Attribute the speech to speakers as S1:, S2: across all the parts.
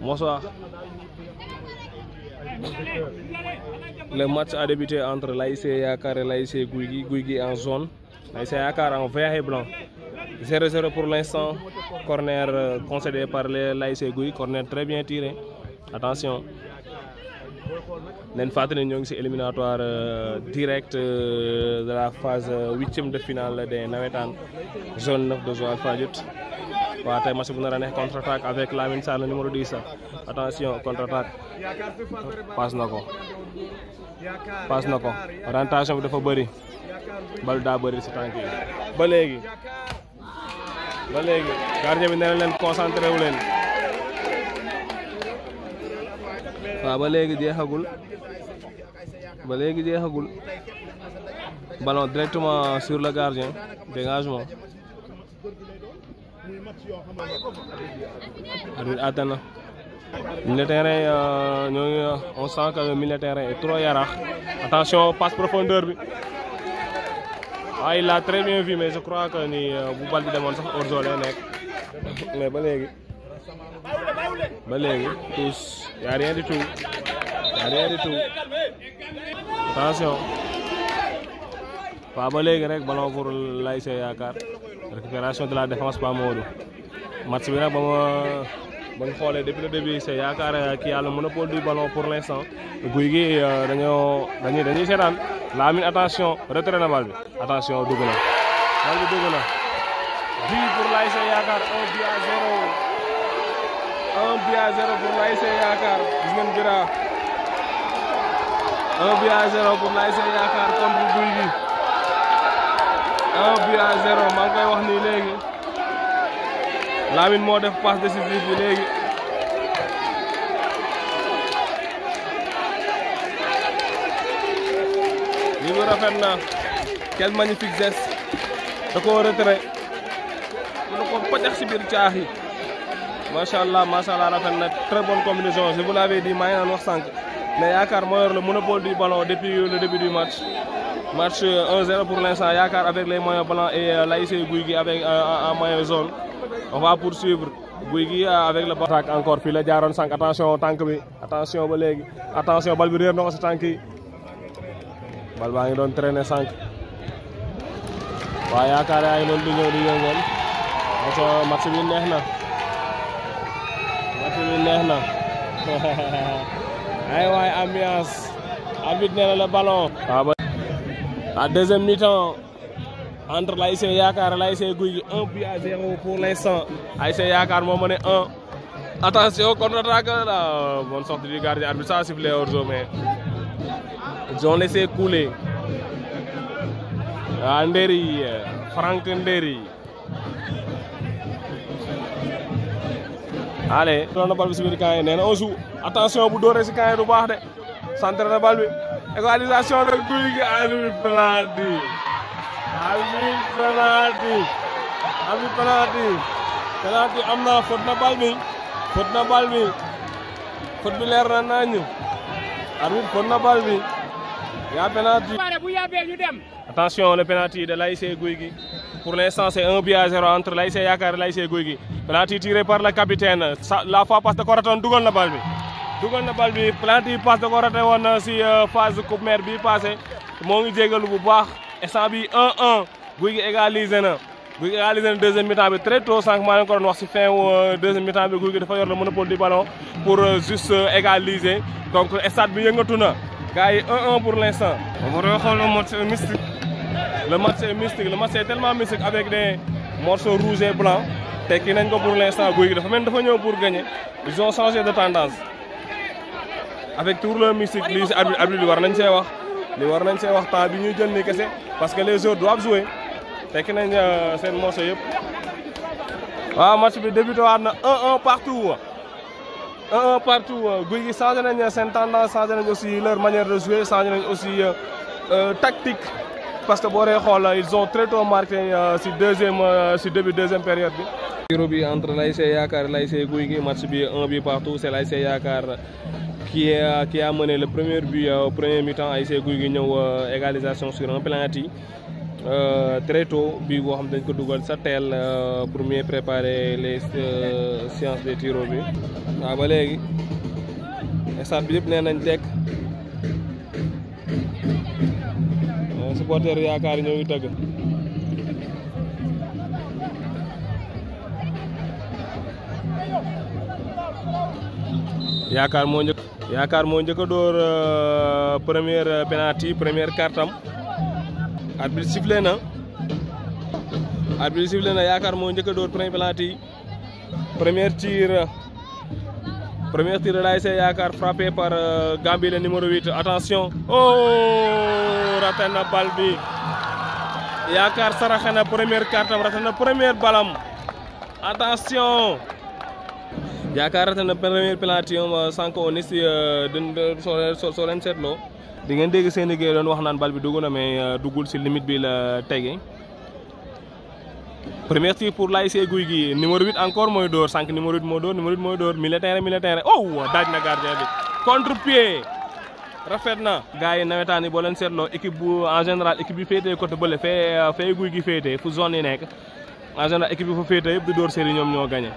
S1: Bonsoir. Le match a débuté entre Laïsé Yakar et l'AIC Guigui. Guigui en zone. Laïsé Yakar en vert et blanc. 0-0 pour l'instant. Corner euh, concédé par Laïsé Guigui. Corner très bien tiré. Attention. Nous avons éliminatoire euh, direct euh, de la phase huitième de finale des Navetan, zone 9 de Joal Lut. waaw tey match bu nar a neex contre attaque avec Lamine Sall numéro attention contre attaque paas na ko na ko orientation bi dafa bëri bal daa bëri si tànk yi ba léegi ba léegi gardien bi nee na leen concentré wu leen waaw ba léegi jeexagul ba léegi jeexagul
S2: ballon directement sur le gardien dégagement
S1: arbitre àtte na milieu terrain ñoo ngi euh, on sent que milieu terrain est trop yaraax passe profondeur bi waaw ah, il a très bien vu mais je crois que ni euh, bu bal bi demoon sax hors-jeu nekk mais ba léegi ba léegi tous y a rien tout y a rien tout attention waaw ba léegi rek ballon pour Laysa Yaakaar récupération de la défense par Modou match bi nag ba ma ba nga xoolee depuis le début c' est yaakaar kii yàlla monopole du ballon pour l' instant gi euh, dañoo dañuy dañuy seetaan Lamine attention retrait na bal bi attention dugg na bal bi dugg na but pour l'ASC Yaakaar un but à zéro un but à zéro pour l'ASC Yaakaar gis ngeen bira un but à zéro pour l'ASC Yaakaar contre guy gi un but à ngi wax Lamine de def passe de bi léegi li mu rafet quel magnifique geste Je koo retrait Je vais pas Je biir caax yi macha allah très bonne combinaison je vous l'avais dit maa noir naan mais Yakar moo yor le monopole du ballon depuis le début du match. Match 1-0 euh, pour l'instant, Yakar avec les moyens blancs et euh, l'AIC Guigui avec un euh, moyen zone. On va poursuivre Guigui avec le ballon. encore, puis le Diaron Sank, attention au tank, attention Balégui, attention Balburier, non, c'est tanki. Balbang donne traîner Sank. waaye yaakaar yaa ngi doon di ñëw di yëngal match bi neex na match na ay waay ambiance arbitre nee na le La deuxième mi-temps entre l'AIC Yakar et Gouy, 1 but à 0 pour l'instant. et Yakar m'ont mené 1. Attention, contre-attaque. La bonne sortie du gardien. Arbitre, ça a sifflé hors jeu, mais ils ont laissé couler. Nderi, Franck Nderi. Allez, on a pas de possibilité. On joue. Attention, vous donnez ce qu'il y a de Centre de balle. égalisation de Gouye Gui Habib penalty Habib penalty Habib penalty penalty am na fot na bal fot na bal bi fot bi leer na nañu arbitre fot na bal bi yaa penalty bu yàbbee ñu dem attention le penalty de l'ASC Gouye Gui pour l'instant c'est un but à zéro entre l'ASC Yaakaar et l'ASC Gouye Gui par le capitaine la fois passe de Koraton dugal na bal dugal na bal bi plante yi passe da ko raté won si euh, phase coupe mère bi passé mo ngi jégalu bu baax instant bi 1-1 guy égaliser égalisé na guy égaliser deuxième mi-temps bi très tôt sank minutes leen ko don wax ci fin euh, deuxième mi-temps bi guy dafa yor le monopole du ballon pour euh, juste égaliser donc stade bi yëngatuna été gars yi 1-1 pour l'instant. On va nga le match mystique. le match est mystique le match est tellement mystique avec des morceaux rouges et blancs tekki nañ ko pour l'instant guy dafa mel dafa ñëw pour gagner ils ont changé de tendance. avec tout le musique lii si arbitre arbitre bi war nañ see wax li war nañ see wax bi ñuy jël ni kese parce que les joueurs doivent jouer tekki nañ euh, seen morceau yëpp waaw match bi débuté waat na 1-1 partout 1-1 partout guy gi changé nañ seen tendance nañ aussi leur manière de jouer changé aussi euh, euh, tactique parce que boo dee xool ils ont très tôt marqué si deuxième si début deuxième période bi. bureau bi entre Laysé Yaakaar Laysé guy gi match bi 1 bi partout c'est Laysé Yaakaar. qui, est, qui a mené le premier but au premier mi-temps ASC Gouye Gui ñëw égalisation sur un penalty très tôt puis vous avez dañ ko dugal pour mieux préparer les séances de tir au but waaw ba et ça bi yëpp nee nañ lekk supporter yaakaar ñoo ngi tëgg Yakar mo ñu yaakaar moo njëkk a dóor euh, première penalty première kartam arbitre sifflé na arbitre sifflé na yaakaar moo njëkk a dóor premier penalty première tir première yaakaar frappé par euh, Gambie le numéro 8 attention oh raté bi yaakaar saraxe na première kartam raté na première balam attention jaakaar yaakaarate na premier pénalty euh, sànq euh, on est soo soo leen seetloo di ngeen dégg seen liggéey doon wax naan bal bi dugg na mais euh, duggul si limite bi la tege. premier tir pour se Gouy gi numéro 8 encore mooy dóor sànq numéro 8 moo dóor numéro 8 mooy dóor militaire militaire oh daaj na gardien bi contre rafet na. gars yi nawetaan yi boo leen seetloo équipe bu en général équipe bi féetee côté bële fee fee Gouy Gui fu zone yi nekk. en général équipe bi fa féete yëpp di ñoom ñoo gagné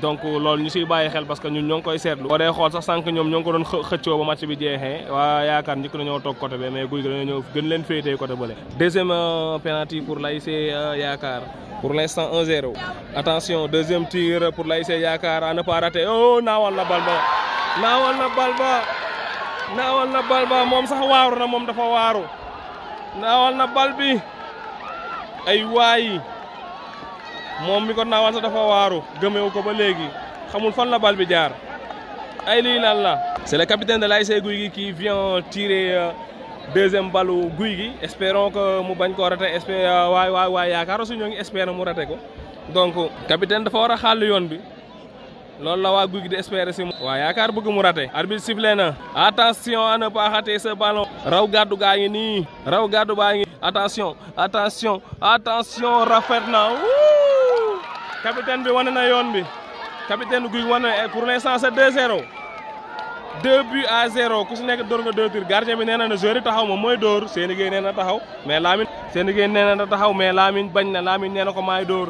S1: donc loolu ñu siy bàyyi xel parce que ñun ñoo ngi koy seetlu boo xool sax sànq ñoom ñoo ngi ko doon xëccoo ba match bi jeexee waa yaakaar njëkk nañoo toog côté bi mais guy gi dañoo ñëw gën leen féetee côté bële deuxième euh, penalty pour l'ASC euh, Yaakaar pour l'instant 1-0 attention deuxième tir pour l'ASC Yaakaar à ne pas rater oh naawal na bal ba naawal na bal ba naawal na moom sax waaru na moom dafa waaru naawal na bal bi ay waayi moom mi ko naawaan sax dafa waaru gëmeewu ko ba léegi xamul fan la bal bi jaar ay lii lan la c'est le capitaine de l'ASC Gouy gi kii vient tirer euh, deuxième balu Gouy Gui espérons que mu bañ koo rate espé euh, waay waay waay yaakaar si ñoo ngi espérer mu rate ko donc capitaine dafa war a xàll yoon bi loolu la waa Gouy Gui di espérer si waa yaakaar bëgg mu rate arbitre sifflé na attention à ne pas rater ce raw gàddu gaa ngi nii raw gàddu baa ngi attention attention attention rafet na capitaine bi wane na yoon bi capitaine guy wane eh, pour l'instant c'est 2-0 2 buts ku si nekk dóor nga 2 tirs gardien bi nee na ne joueur yi taxaw moom mooy dóor Seny Gueye nee na taxaw mais Lamine Seny Gueye nee na taxaw mais Lamine bañ na Lamine nee na ko maay dóor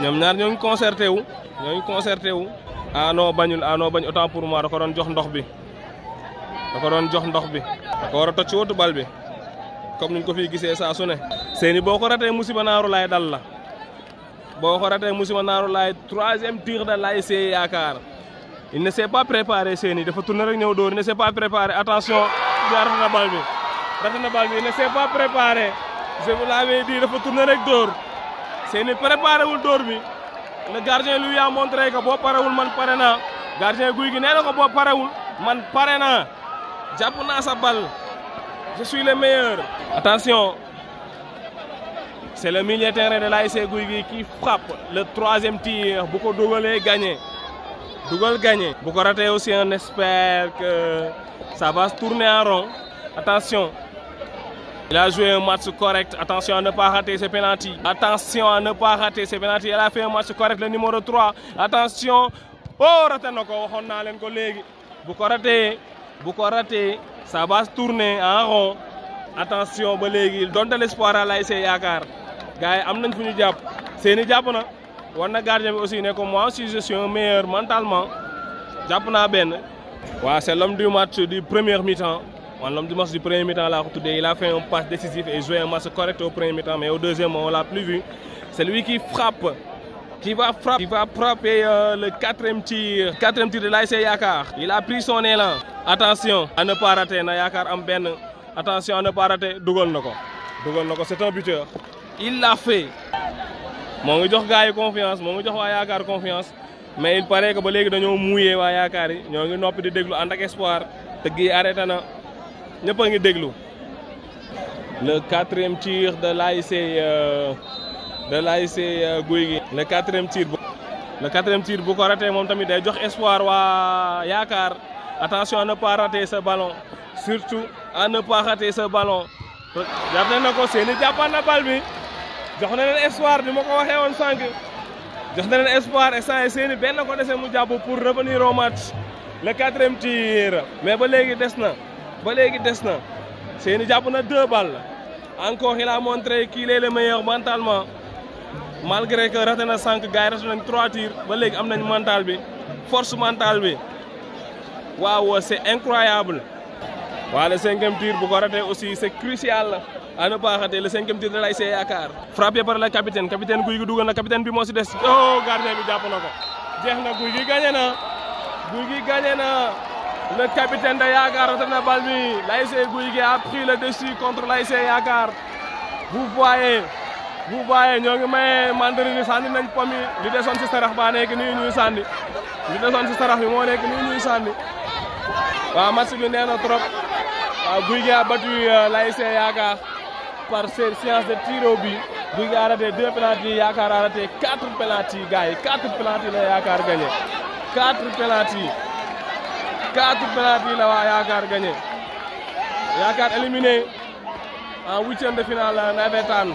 S1: ñoom ñaar ñoo ngi concerté wu ñoo ngi concerté wu ah non bañul ah bañ autant pour moi da doon jox ndox bi da ko doon jox ndox bi da ko war a toj ci wóotu bal bi comme niñ ko fiy gisee saa su ne Seny boo ko ratee musiba naaru laay dal la boo ko ratee Moussima lay 3 troisième tir de l'ASC Yaakaar il ne s'est pas préparé seeni dafa tourner rek ñëw dóor il ne s'est pas préparé attention raté na balle. bi raté na bi il ne s'est pas préparé je vous l'avais dit dafa tourner rek dóor seeni préparé wul dóor bi le gardien lui a montré que paré wul man pare naa gardien guy gi nee na ko boo parewul man pare naa jàpp naa sa balle je suis le meilleur attention c'est le milieu de terrain de qui frappe le troisième tir. Beaucoup Dougalé gagné. Dougal gagné. Beaucoup raté aussi, on espère que ça va se tourner en rond. Attention. Il a joué un match correct. Attention à ne pas rater ses pénalties. Attention à ne pas rater ses pénalties. Il a fait un match correct, le numéro 3. Attention. Oh, raté On collègue. raté. raté. Ça va se tourner en rond. Attention, il donne de l'espoir à l'IC Yakar gars un am nañ fu japp na gardien bi aussi ne comme moi aussi je suis un meilleur mentalement C'est l'homme C'est du match du premier mi-temps l'homme du match du premier mi-temps là, il a fait un passe décisif et joué un match correct au premier mi-temps mais au deuxième on l'a plus vu c'est lui qui frappe. qui va frapper, il va frapper euh, le quatrième tir, quatrième tir de l'ASC Yakar. Il a pris son élan. Attention à ne pas rater, na Yakar am ben. Attention à ne pas rater, Dougal Noko. Dougal Noko, c'est un buteur il l'a fait moo ngi jox gars confiance moo ngi jox waa yaakaar confiance mais il paraît que ba sont mouillés Ils waa yaakaar yi ñoo ngi noppi di déglu ànd ak espoir ils yi arrêté na ñëpp a ngi déglu. le quatrième tir de l'A.I.C... Euh, de l'A.I.C euh, Guigui le quatrième tir le quatrième tir bu ko raté moom tamit day jox espoir à yaakaar attention à ne pas rater ce ballon surtout à ne pas rater ce ballon. jàpp na ko seeni jàppaan na bal bi. joxna len espoir bi ma ko waxee woon sànq jox na espoir et sans seen i benn ko dessé mu jabu pour revenir au match le 4e tir mais ba légui dessna ba légui dessna seni jabu na deux balles encore il a montré qu'il est le meilleur mentalement malgré que raté na sànq gars yi raté nañ trois tirs ba légui am nañ mental bi force mental bi waaw c'est incroyable. Ouais, le cinquième tir, Bougarate aussi, c'est crucial à ne pas rater. Le cinquième tir de l'AIC Yakar. Frappé par le capitaine. Capitaine Guigou Dougan, capitaine Bimosi Dess. Oh, gardien bi japp nako. Jeex na Guigui gagné na. Guigui gagné na. Le capitaine de Yakar rate na balle bi. L'AIC Guigui a pris le dessus contre l'AIC Yakar. Vous voyez vous voyez ñoo ngi maye mandarini sandi nañ pomi li desone ci sarax ba nek ni ñuy sandi li desone ci sarax bi mo nek ni ñuy sandi wa match bi néna trop Guy Gui a battu euh, l'ASC Yaakaar par séance de tir a raté deux penalty Yaakaar a raté quatre penalty gars yi la Yaakaar gagné quatre penalty quatre penalty la waa Yaakaar gagné Yaakaar éliminé en huitième de finale navétane